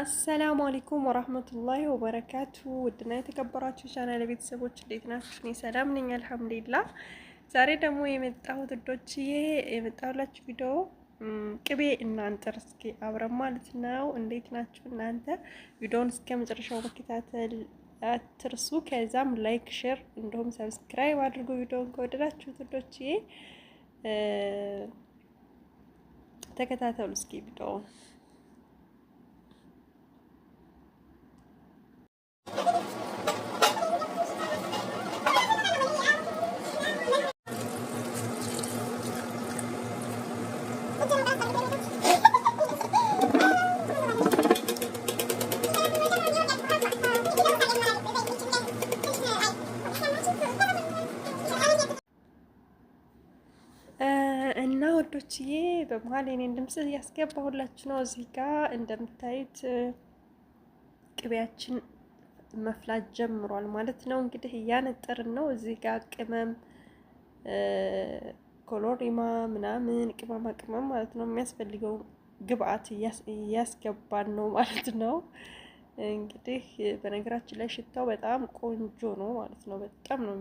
አሰላሙ አለይኩም ወራህመቱላሂ ወበረካቱ። ውድና የተከበራችሁ ቻናል ቤተሰቦች እንዴት ናችሁ? እኔ ሰላም ነኝ አልሐምዱሊላህ። ዛሬ ደግሞ የመጣሁት ውዶችዬ የመጣሁላችሁ ቪዲዮ ቅቤ እናንጥር እስኪ አብረን ማለት ነው። እንዴት ናችሁ እናንተ? ቪዲዮውን እስከ መጨረሻው መከታተል አትርሱ። ከዛም ላይክ፣ ሼር እንዲሁም ሰብስክራይብ አድርጉ ቪዲዮውን ከወደዳችሁት ውዶችዬ ተከታተሉ እስኪ ቪዲዮውን ውዶችዬ በመሀል የኔን ድምፅ እያስገባሁላችሁ ነው። እዚህ ጋር እንደምታዩት ቅቤያችን መፍላት ጀምሯል ማለት ነው። እንግዲህ እያነጠርን ነው። እዚህ ጋር ቅመም ኮሎሪማ ምናምን ቅመማ ቅመም ማለት ነው የሚያስፈልገው ግብአት እያስገባን ነው ማለት ነው። እንግዲህ በነገራችን ላይ ሽታው በጣም ቆንጆ ነው ማለት ነው። በጣም ነው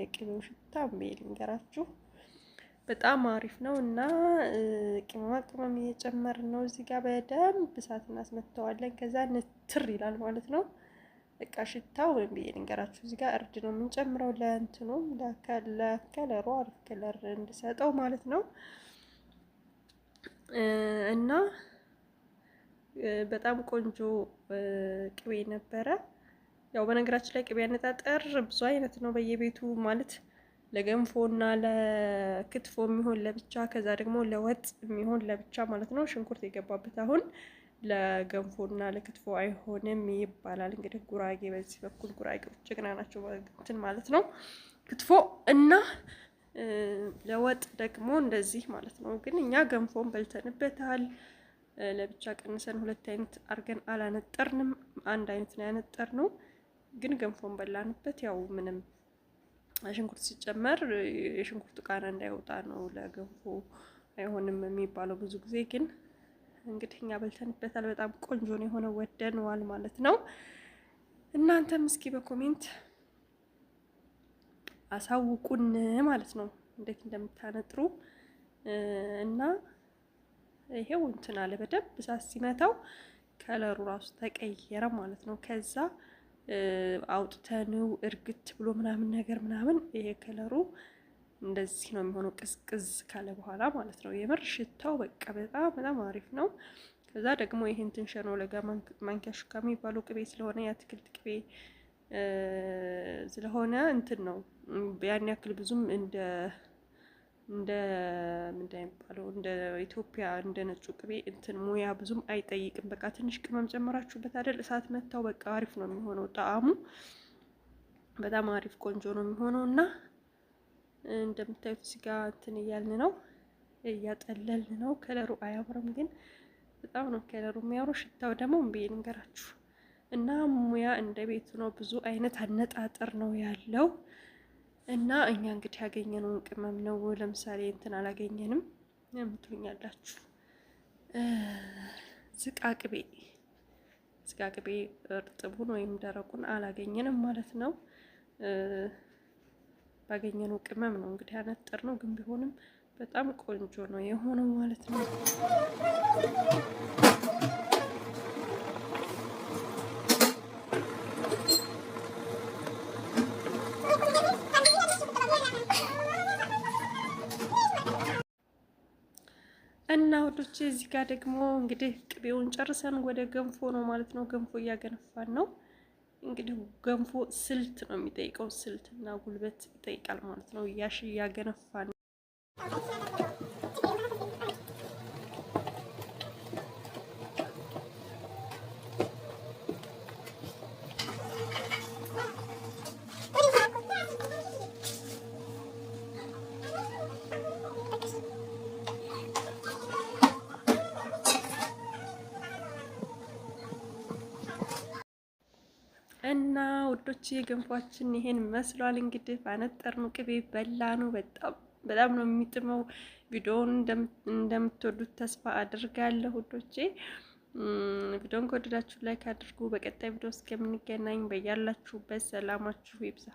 የቅቤው ሽታ ሚል ንገራችሁ በጣም አሪፍ ነው እና ቅመማ ቅመም እየጨመር ነው። እዚህ ጋር በደንብ እሳት እናስመተዋለን። ከዛ ንትር ይላል ማለት ነው። በቃ ሽታው ወይም ብዬ ልንገራችሁ። እዚህ ጋር እርድ ነው የምንጨምረው ለእንትኑም ለከለሩ አሪፍ ከለር እንድሰጠው ማለት ነው እና በጣም ቆንጆ ቅቤ ነበረ። ያው በነገራችን ላይ ቅቤ አነጣጠር ብዙ አይነት ነው በየቤቱ ማለት ለገንፎና ለክትፎ የሚሆን ለብቻ፣ ከዛ ደግሞ ለወጥ የሚሆን ለብቻ ማለት ነው። ሽንኩርት የገባበት አሁን ለገንፎና ለክትፎ አይሆንም ይባላል። እንግዲህ ጉራጌ በዚህ በኩል ጉራጌዎች ጀግና ናቸው እንትን ማለት ነው። ክትፎ እና ለወጥ ደግሞ እንደዚህ ማለት ነው። ግን እኛ ገንፎን በልተንበታል። ለብቻ ቀንሰን ሁለት አይነት አድርገን አላነጠርንም። አንድ አይነት ነው ያነጠር ነው። ግን ገንፎን በላንበት ያው ምንም ሽንኩርት ሲጨመር የሽንኩርቱ ቃና እንዳይወጣ ነው። ለገንፎ አይሆንም የሚባለው ብዙ ጊዜ ግን እንግዲህ እኛ በልተንበታል። በጣም ቆንጆ ነው የሆነ ወደንዋል ማለት ነው። እናንተም እስኪ በኮሜንት አሳውቁን ማለት ነው እንዴት እንደምታነጥሩ እና ይሄው እንትን አለ በደንብ እሳት ሲመታው ከለሩ ራሱ ተቀየረ ማለት ነው ከዛ አውጥተንው እርግት ብሎ ምናምን ነገር ምናምን ይሄ ከለሩ እንደዚህ ነው የሚሆነው። ቅዝቅዝ ካለ በኋላ ማለት ነው። የምር ሽታው በቃ በጣም በጣም አሪፍ ነው። ከዛ ደግሞ ይሄን ትንሸኖ ለጋ ማንኪያ ሹካ የሚባለው ቅቤ ስለሆነ የአትክልት ቅቤ ስለሆነ እንትን ነው ያን ያክል ብዙም እንደ እንደ ምንድን የሚባለው እንደ ኢትዮጵያ እንደ ነጩ ቅቤ እንትን ሙያ ብዙም አይጠይቅም። በቃ ትንሽ ቅመም ጨምራችሁበት አይደል እሳት መታው፣ በቃ አሪፍ ነው የሚሆነው። ጣዕሙ በጣም አሪፍ ቆንጆ ነው የሚሆነው እና እንደምታዩት ስጋ እንትን እያልን ነው እያጠለልን ነው። ከለሩ አያምርም ግን በጣም ነው ከለሩ የሚያምረው። ሽታው ደግሞ እምቢ ንገራችሁ እና ሙያ እንደ ቤቱ ነው። ብዙ አይነት አነጣጠር ነው ያለው። እና እኛ እንግዲህ ያገኘነውን ቅመም ነው። ለምሳሌ እንትን አላገኘንም የምትሉኛላችሁ ዝቃቅቤ ዝቃቅቤ እርጥቡን ወይም ደረቁን አላገኘንም ማለት ነው። ባገኘነው ቅመም ነው እንግዲህ ያነጠር ነው። ግን ቢሆንም በጣም ቆንጆ ነው የሆነው ማለት ነው። እና ወዶች እዚህ ጋር ደግሞ እንግዲህ ቅቤውን ጨርሰን ወደ ገንፎ ነው ማለት ነው። ገንፎ እያገነፋን ነው እንግዲህ። ገንፎ ስልት ነው የሚጠይቀው፣ ስልትና ጉልበት ይጠይቃል ማለት ነው። እያሽ እያገነፋን ነው። እና ውዶች ገንፏችን ይሄን መስሏል። እንግዲህ ባነጠርኑ ቅቤ በላኑ። በጣም በጣም ነው የሚጥመው። ቪዲዮውን እንደምትወዱት ተስፋ አድርጋለሁ ውዶቼ። ቪዲዮን ከወደዳችሁ ላይክ አድርጉ። በቀጣይ ቪዲዮ እስከምንገናኝ በያላችሁበት ሰላማችሁ ይብዛ።